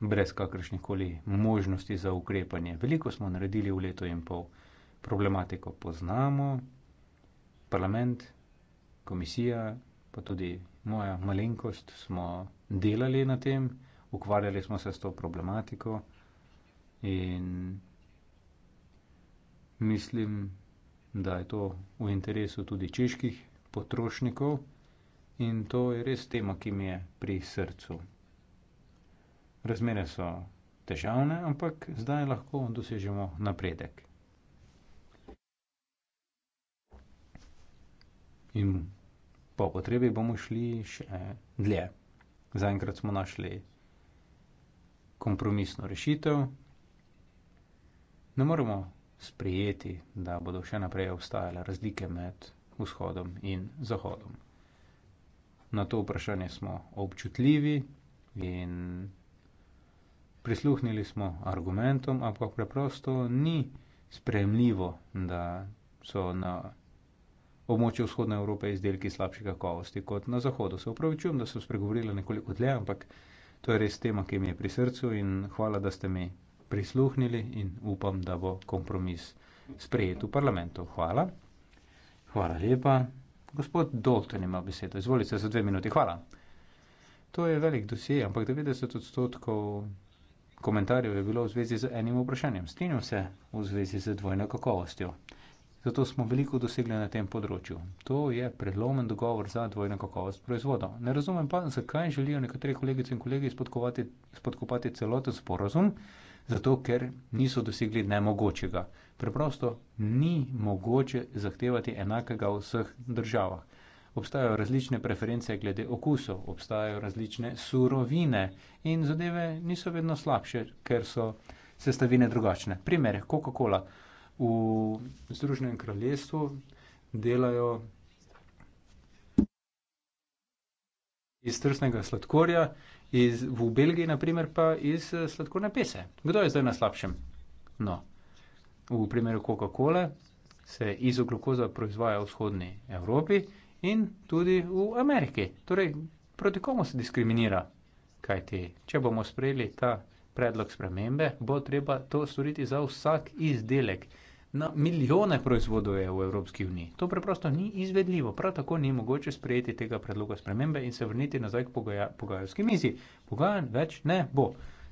brez kakršnih koli možnosti za ukrepanje. Veliko smo naredili v letu in pol. Problematiko poznamo, parlament, komisija, pa tudi moja malenkost smo delali na tem, ukvarjali smo se s to problematiko in mislim, da je to v interesu tudi čeških potrošnikov in to je res tema, ki mi je pri srcu. Razmere so težavne, ampak zdaj lahko dosežemo napredek. In po potrebi bomo šli še dlje. Zaenkrat smo našli kompromisno rešitev. Ne moremo sprijeti, da bodo še naprej obstajale razlike med vzhodom in zahodom na to vprašanje smo občutljivi in prisluhnili smo argumentom, ampak preprosto ni sprejemljivo, da so na območju vzhodne Evrope izdelki slabše kakovosti kot na zahodu. Se upravičujem, da sem spregovorila nekoliko dlje, ampak to je res tema, ki mi je pri srcu in hvala, da ste mi prisluhnili in upam, da bo kompromis sprejet v parlamentu. Hvala. Hvala lepa. Gospod Dalton ima besedo. Izvolite za dve minuti. Hvala. To je velik dosje, ampak 90 odstotkov komentarjev je bilo v zvezi z enim vprašanjem. Strinjam se v zvezi z dvojno kakovostjo. Zato smo veliko dosegli na tem področju. To je prelomen dogovor za dvojno kakovost proizvodov. Ne razumem pa, zakaj želijo nekateri kolegice in kolegi spodkopati celoten sporazum, zato ker niso dosegli nemogočega. Preprosto ni mogoče zahtevati enakega v vseh državah. Obstajajo različne preference glede okusov, obstajajo različne surovine in zadeve niso vedno slabše, ker so sestavine drugačne. Primer, Coca-Cola. V Združenem kraljestvu delajo iz trsnega sladkorja, iz, v Belgiji naprimer pa iz eh, sladkorne pese. Kdo je zdaj na slabšem? No, v primeru Coca-Cola se izoglukoza proizvaja v vzhodni Evropi in tudi v Ameriki. Torej, proti komu se diskriminira? Kaj ti, če bomo sprejeli ta predlog spremembe, bo treba to storiti za vsak izdelek. Na milijone proizvodov je v Evropski uniji. To preprosto ni izvedljivo. Prav tako ni mogoče sprejeti tega predloga spremembe in se vrniti nazaj k pogajalski mizi. Pogajanj več ne bo.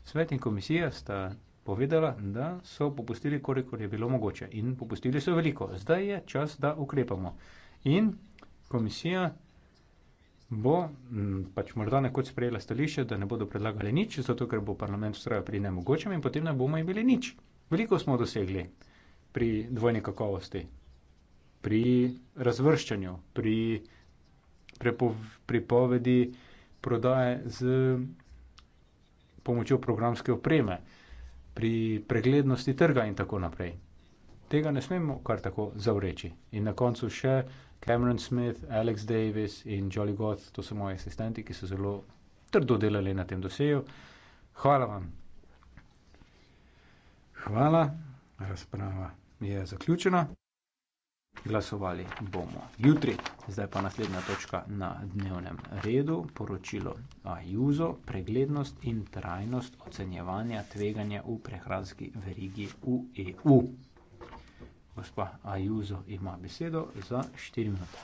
Svet in komisija sta povedala, da so popustili, koliko je bilo mogoče. In popustili so veliko. Zdaj je čas, da ukrepamo. In komisija bo m, pač morda nekoč sprejela stališče, da ne bodo predlagali nič, zato ker bo parlament ustrajal pri nemogočem in potem ne bomo imeli nič. Veliko smo dosegli pri dvojni kakovosti, pri razvrščanju, pri prepovedi prodaje z pomočjo programske opreme pri preglednosti trga in tako naprej. Tega ne smemo kar tako zavreči. In na koncu še Cameron Smith, Alex Davis in Jolly Goth, to so moji asistenti, ki so zelo trdo delali na tem doseju. Hvala vam. Hvala, razprava je zaključena glasovali bomo jutri. Zdaj pa naslednja točka na dnevnem redu, poročilo Ajuzo, preglednost in trajnost ocenjevanja tveganja v prehranski verigi v EU. Gospa Ajuzo ima besedo za 4 minute.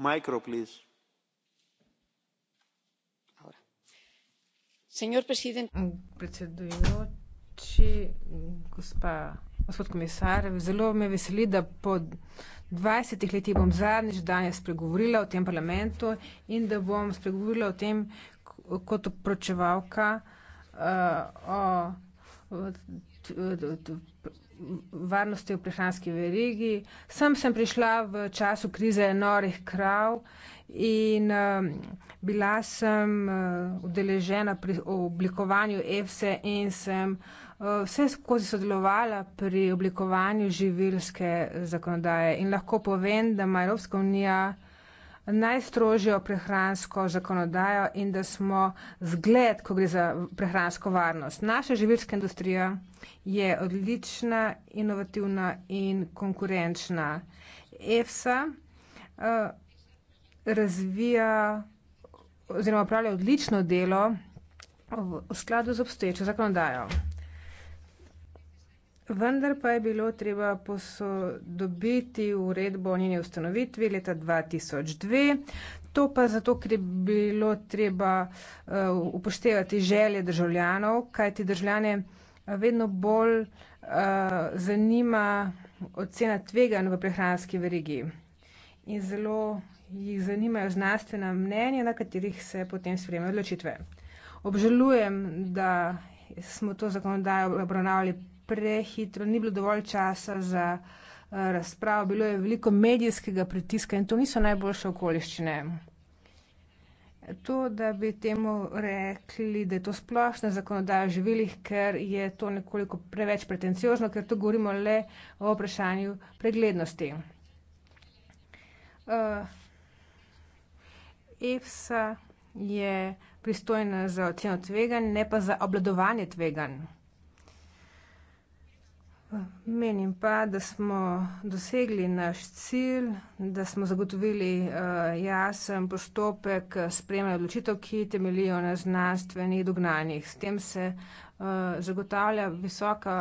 Micro, please. Mm, predsedujoči, gospa, gospod komisar, zelo me veseli, da po dvajsetih letih bom zadnjič danes spregovorila v tem parlamentu in da bom spregovorila o tem kot proučevalka, eh, o, varnosti v prehranski verigi. Sem sem prišla v času krize norih krav in uh, bila sem uh, udeležena pri oblikovanju EFSE in sem uh, vse skozi sodelovala pri oblikovanju živilske zakonodaje. In lahko povem, da ima Evropska unija uh, najstrožjo prehransko zakonodajo in da smo zgled, ko gre za prehransko varnost. Naša živilska industrija je odlična, inovativna in konkurenčna. EFSA eh, razvija oziroma opravlja odlično delo v skladu z obstoječo zakonodajo. Vendar pa je bilo treba posodobiti uredbo o njeni ustanovitvi leta 2002. To pa zato, ker je bilo treba uh, upoštevati želje državljanov, kajti državljane eh, vedno bolj uh, zanima ocena tvegan v prehranski verigi in zelo jih zanimajo znanstvena mnenja, na katerih se potem sprejemajo odločitve. Obžalujem, da smo to zakonodajo obravnavali prehitro, ni bilo dovolj časa za eh, razpravo, bilo je veliko medijskega pritiska in to niso najboljše okoliščine. To, da bi temu rekli, da je to splošna zakonodaja o živilih, ker je to nekoliko preveč pretenciozno, ker tu govorimo le o vprašanju preglednosti. Uh, EFSA je pristojna za oceno tveganj, ne pa za obladovanje tveganj. Menim pa, da smo dosegli naš cilj, da smo zagotovili eh, jasen postopek spremljanja odločitev, ki temelijo na znanstvenih dognanjih. S tem se eh, zagotavlja visoka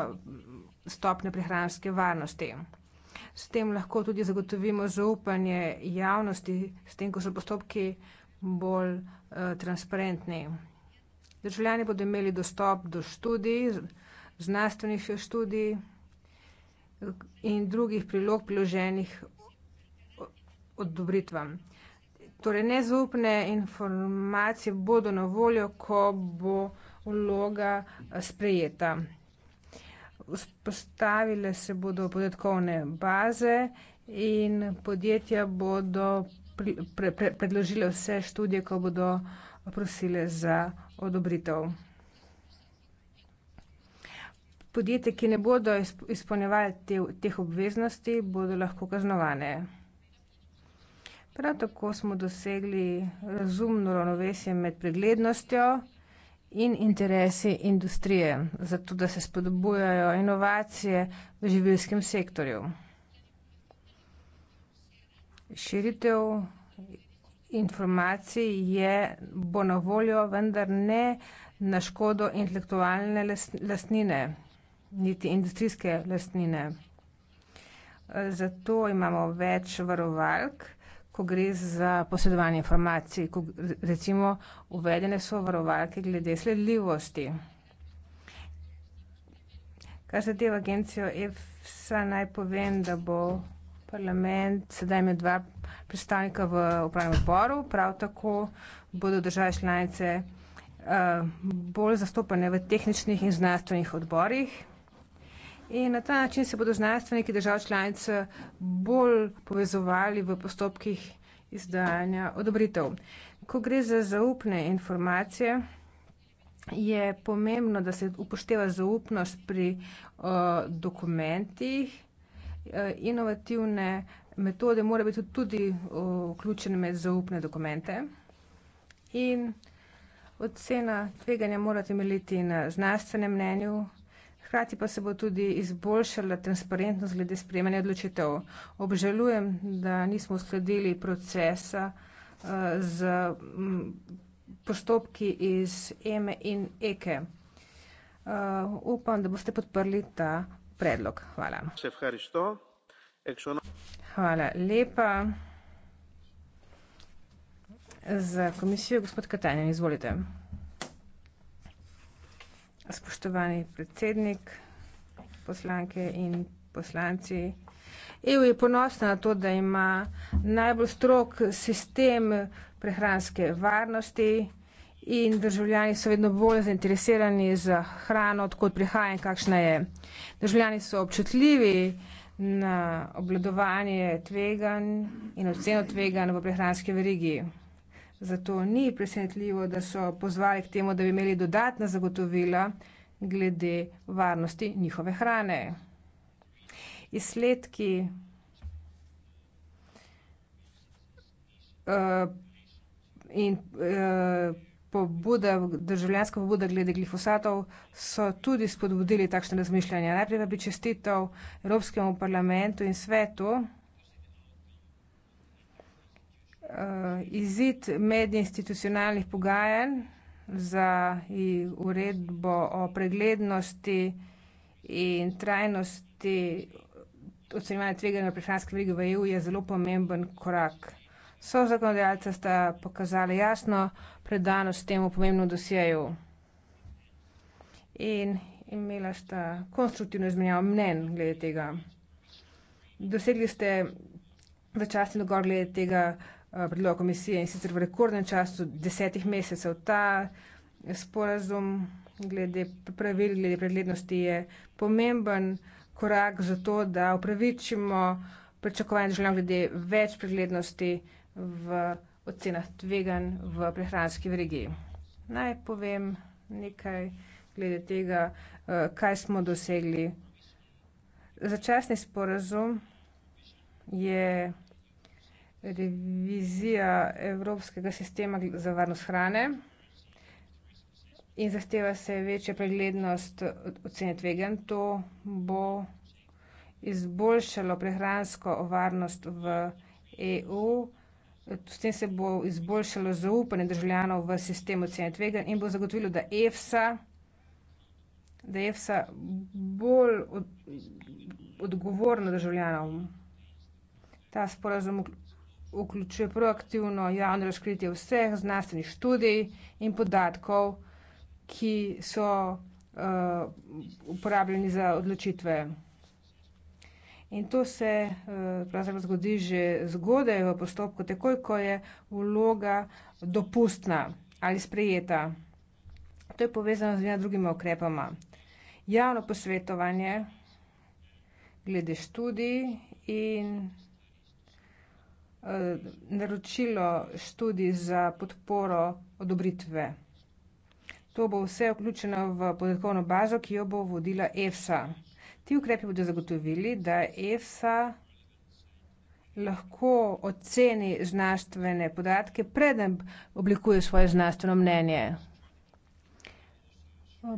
stopnja prehranske varnosti. S tem lahko tudi zagotovimo zaupanje javnosti, s tem, ko so postopki bolj eh, transparentni. Državljani bodo imeli dostop do študij, znanstvenih študij in drugih prilog priloženih odobritvam. Torej, nezaupne informacije bodo na voljo, ko bo vloga eh, sprejeta. Vzpostavile se bodo podatkovne baze in podjetja bodo pre, pre, predložile vse študije, ko bodo prosile za odobritev. Podjetje, ki ne bodo izpolnjevali te, teh obveznosti, bodo lahko kaznovane. Prav tako smo dosegli razumno ravnovesje med preglednostjo in interesi industrije, zato da se spodbujajo inovacije v življenskem sektorju. Širitev informacij je, bo na voljo, vendar ne na škodo intelektualne lastnine. Les, niti industrijske lastnine. Zato imamo več varovalk, ko gre za posedovanje informacij. Ko, recimo, uvedene so varovalke glede sledljivosti. Kar se te v agencijo EFSA naj povem, da bo parlament sedaj imel dva predstavnika v upravnem odboru, prav tako bodo države članice uh, bolj zastopane v tehničnih in znanstvenih odborih. In na ta način se bodo znanstveniki držav članice eh, bolj povezovali v postopkih izdajanja odobritev. Ko gre za zaupne informacije, je pomembno, da se upošteva zaupnost pri o, eh, dokumentih. Eh, inovativne metode mora biti tudi o, vključene med zaupne dokumente. In ocena tveganja mora temeljiti na znanstvenem mnenju, Hrati pa se bo tudi izboljšala transparentnost glede spremenja odločitev. Obžalujem, da nismo uskladili procesa eh, z postopki iz EME in EKE. Eh, upam, da boste podprli ta predlog. Hvala. Hvala lepa. Za komisijo gospod Katanjan, izvolite. Spoštovani predsednik, poslanke in poslanci. EU je ponosna na to, da ima najbolj strog sistem prehranske varnosti in državljani so vedno bolj zainteresirani za hrano, odkot prihaja in kakšna je. Državljani so občutljivi na obvladovanje tveganj in oceno tveganj v prehranski verigi. Zato ni presenetljivo, da so pozvali k temu, da bi imeli dodatna zagotovila glede varnosti njihove hrane. Izsledki uh, in uh, Pobuda, državljanska pobuda glede glifosatov so tudi spodbudili takšne razmišljanja. Najprej pa bi čestitev Evropskemu parlamentu in svetu. Eh, izid medinstitucionalnih pogajanj za uredbo o preglednosti in trajnosti ocenjevanja tveganja prehranske verige v EU je zelo pomemben korak. So zakonodajalca sta pokazala jasno predanost temu pomembnemu dosjeju in imela sta konstruktivno izmenjavo mnen glede tega. Dosegli ste začasni dogovor glede tega, Eh, predlog komisije in sicer v rekordnem času desetih mesecev. Ta sporazum glede pravil, glede preglednosti je pomemben korak za to, da upravičimo pričakovanje državljanov glede več preglednosti v ocenah tvegan v prehranski verigi. Naj povem nekaj glede tega, eh, kaj smo dosegli. Začasni sporazum je revizija Evropskega sistema za varnost hrane in zahteva se večja preglednost ocene tvegan. To bo izboljšalo prehransko varnost v EU, s tem se bo izboljšalo zaupanje državljanov v sistem ocene tvegan in bo zagotovilo, da EFSA da je vsa bolj od, odgovorna državljanom. Ta sporazum vključuje proaktivno javno razkritje vseh znanstvenih študij in podatkov, ki so uh, uporabljeni za odločitve. In to se eh, pravzaprav zgodi že zgodaj v postopku, takoj, ko je vloga dopustna ali sprejeta. To je povezano z dvema drugima ukrepama. Javno posvetovanje glede študij in Eh, naročilo študij za podporo odobritve. To bo vse vključeno v podatkovno bazo, ki jo bo vodila EFSA. Ti ukrepi bodo zagotovili, da EFSA lahko oceni znanstvene podatke, preden oblikuje svoje znanstveno mnenje.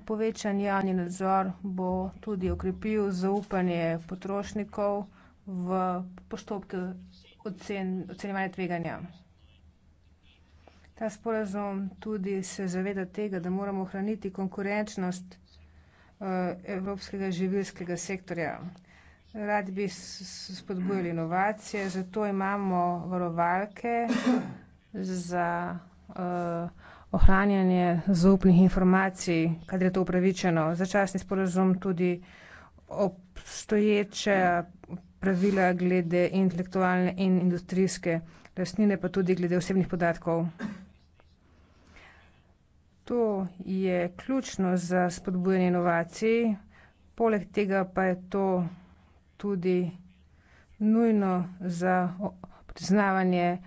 Povečan javni nadzor bo tudi okrepil zaupanje potrošnikov v postopke ocen, ocenjevanje tveganja. Ta sporazum tudi se zaveda tega, da moramo ohraniti konkurenčnost eh, evropskega živilskega sektorja. Radi bi spodbujali inovacije, zato imamo varovalke za eh, ohranjanje zaupnih informacij, kadar je to upravičeno. Začasni sporazum tudi obstoječa pravila glede intelektualne in industrijske lastnine, pa tudi glede osebnih podatkov. To je ključno za spodbujanje inovacij, poleg tega pa je to tudi nujno za priznavanje eh,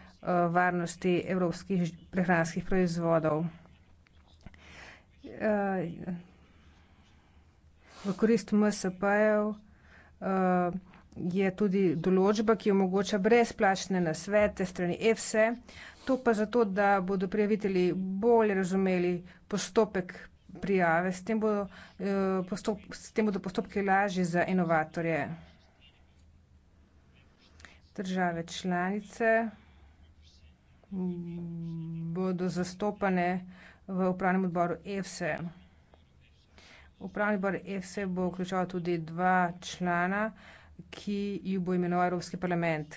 varnosti evropskih prehranskih proizvodov. Eh, v korist MSP-jev eh, je tudi določba, ki omogoča brezplačne nasvete strani EFSE, to pa zato, da bodo prijavitelji bolje razumeli postopek prijave, s tem bodo, eh, postop, s tem bodo postopki lažji za inovatorje. Države članice bodo zastopane v upravnem odboru EFSE. Upravni odbor EFSE bo vključeval tudi dva člana, ki jo bo imenoval Evropski parlament.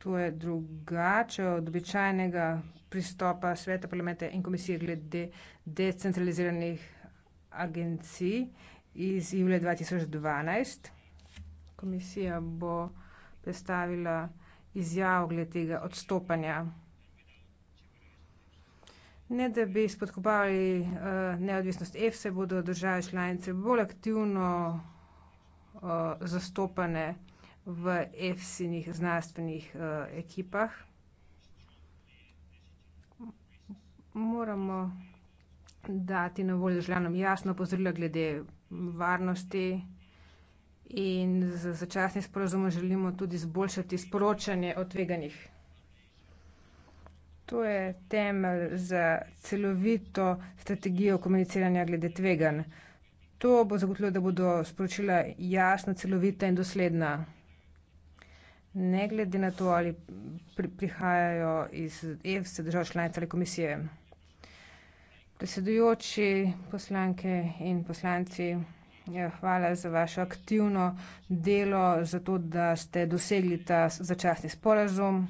To je drugače od običajnega pristopa Sveta parlamenta in komisije glede decentraliziranih agencij iz julija dva tisoč dvanajst. Komisija bo predstavila izjavo glede tega odstopanja. Ne da bi spodkopali uh, neodvisnost EFSE, bodo države članice bolj aktivno uh, zastopane v EFSE-nih znanstvenih uh, ekipah. Moramo dati na voljo državljanom jasno pozorilo glede varnosti in z začasnim sporozumom želimo tudi zboljšati sporočanje o tveganjih. To je temelj za celovito strategijo komuniciranja glede tvegan. To bo zagotovilo, da bodo sporočila jasna, celovita in dosledna. Ne glede na to, ali pri, prihajajo iz EFSA, držav članice ali komisije. Predsedujoči poslanke in poslanci, ja, hvala za vaše aktivno delo, za to, da ste dosegli ta začasni sporazum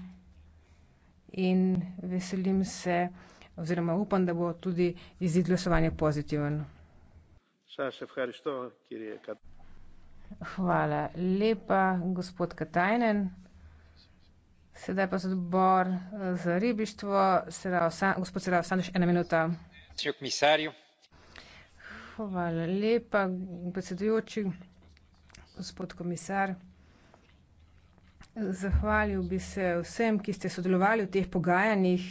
in veselim se oziroma upam, da bo tudi izid glasovanja pozitiven. Hvala lepa, gospod Katajnen. Sedaj pa z odbor eh, za ribištvo, gospod Serao Sandoš, ena minuta. Hvala lepa, predsedujoči, gospod komisar. Zahvalil bi se vsem, ki ste sodelovali v teh pogajanjih.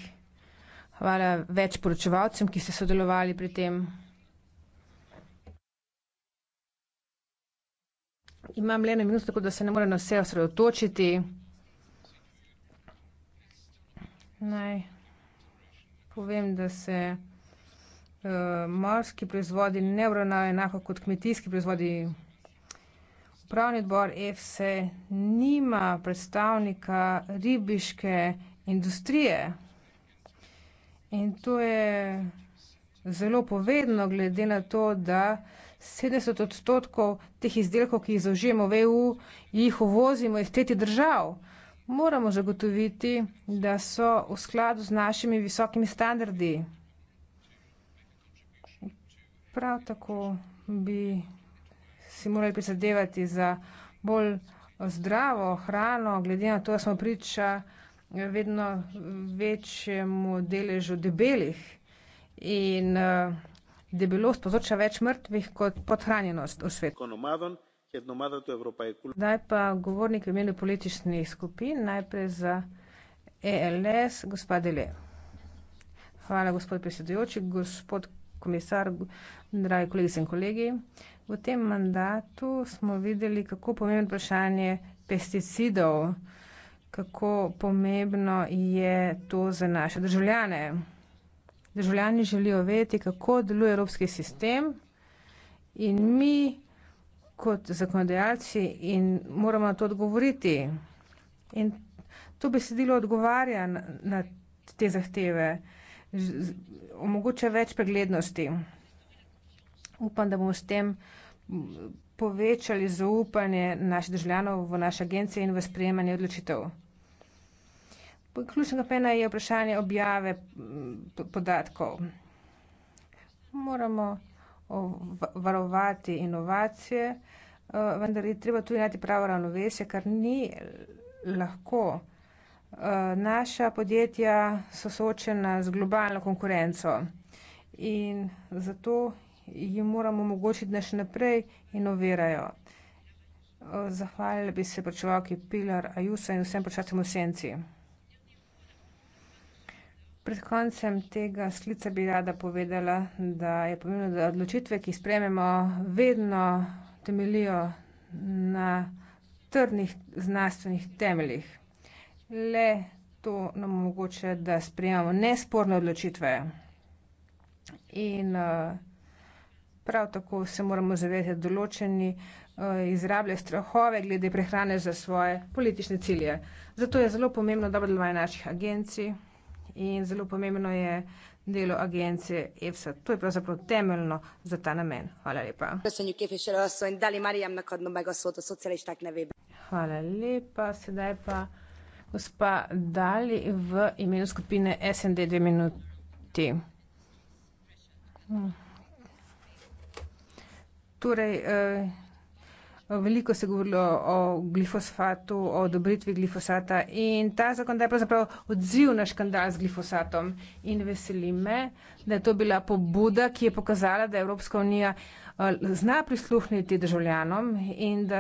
Hvala več poročevalcem, ki ste sodelovali pri tem. Imam le eno minuto, tako da se ne morem na vse osredotočiti. Naj povem, da se uh, morski proizvodi ne uravnajo enako kot kmetijski proizvodi. Pravni odbor EFSE nima predstavnika ribiške industrije. In to je zelo povedno, glede na to, da 70 odstotkov teh izdelkov, ki jih zaužijemo v EU, jih uvozimo iz tretjih držav. Moramo zagotoviti, da so v skladu z našimi visokimi standardi. Prav tako bi si morali prizadevati za bolj eh, zdravo hrano, glede na to, da smo priča eh, vedno eh, večjemu deležu debelih in uh, debelost povzroča več mrtvih kot podhranjenost v svetu. Zdaj pa govornik v imenu političnih skupin, najprej za ELS, gospod Dele. Hvala, gospod predsedujoči, gospod komisar, dragi kolegice in kolegi. Uh, V tem mandatu smo videli, kako pomembno je vprašanje pesticidov, kako pomembno je to za naše državljane. Državljani želijo vedeti, kako deluje evropski sistem in mi kot zakonodajalci in moramo na to odgovoriti. In to besedilo odgovarja na, na te zahteve, omogoča več preglednosti. Upam, da bomo s tem povečali zaupanje naših državljanov v naše agencije in v sprejemanje odločitev. Ključnega pena je vprašanje objave podatkov. Moramo varovati inovacije, e, vendar je treba tudi najti pravo ravnovesje, kar ni lahko. E, naša podjetja so soočena z globalno konkurenco in zato jim moramo omogočiti, da še naprej inovirajo. Zahvaljali bi se počevalki Pilar Ajusa in vsem počasem v senci. Pred koncem tega sklica bi rada povedala, da je pomembno, da odločitve, ki sprememo, vedno temelijo na trdnih znanstvenih temeljih. Le to nam omogoča, da sprejemamo nesporne odločitve. In, Prav tako se moramo zavedati, da določeni eh, izrabljajo strahove glede prehrane za svoje politične cilje. Zato je zelo pomembno dobro delovanje naših agencij in zelo pomembno je delo agencije EFSA. To je pravzaprav temeljno za ta namen. Hvala lepa. Hvala lepa. Sedaj pa gospa Dali v imenu skupine SND dve minuti. Hmm. Torej, eh, veliko se je govorilo o glifosatu, o odobritvi glifosata in ta zakon je pravzaprav odziv na škandal z glifosatom. In veseli me, da je to bila pobuda, ki je pokazala, da Evropska unija eh, zna prisluhniti državljanom in da.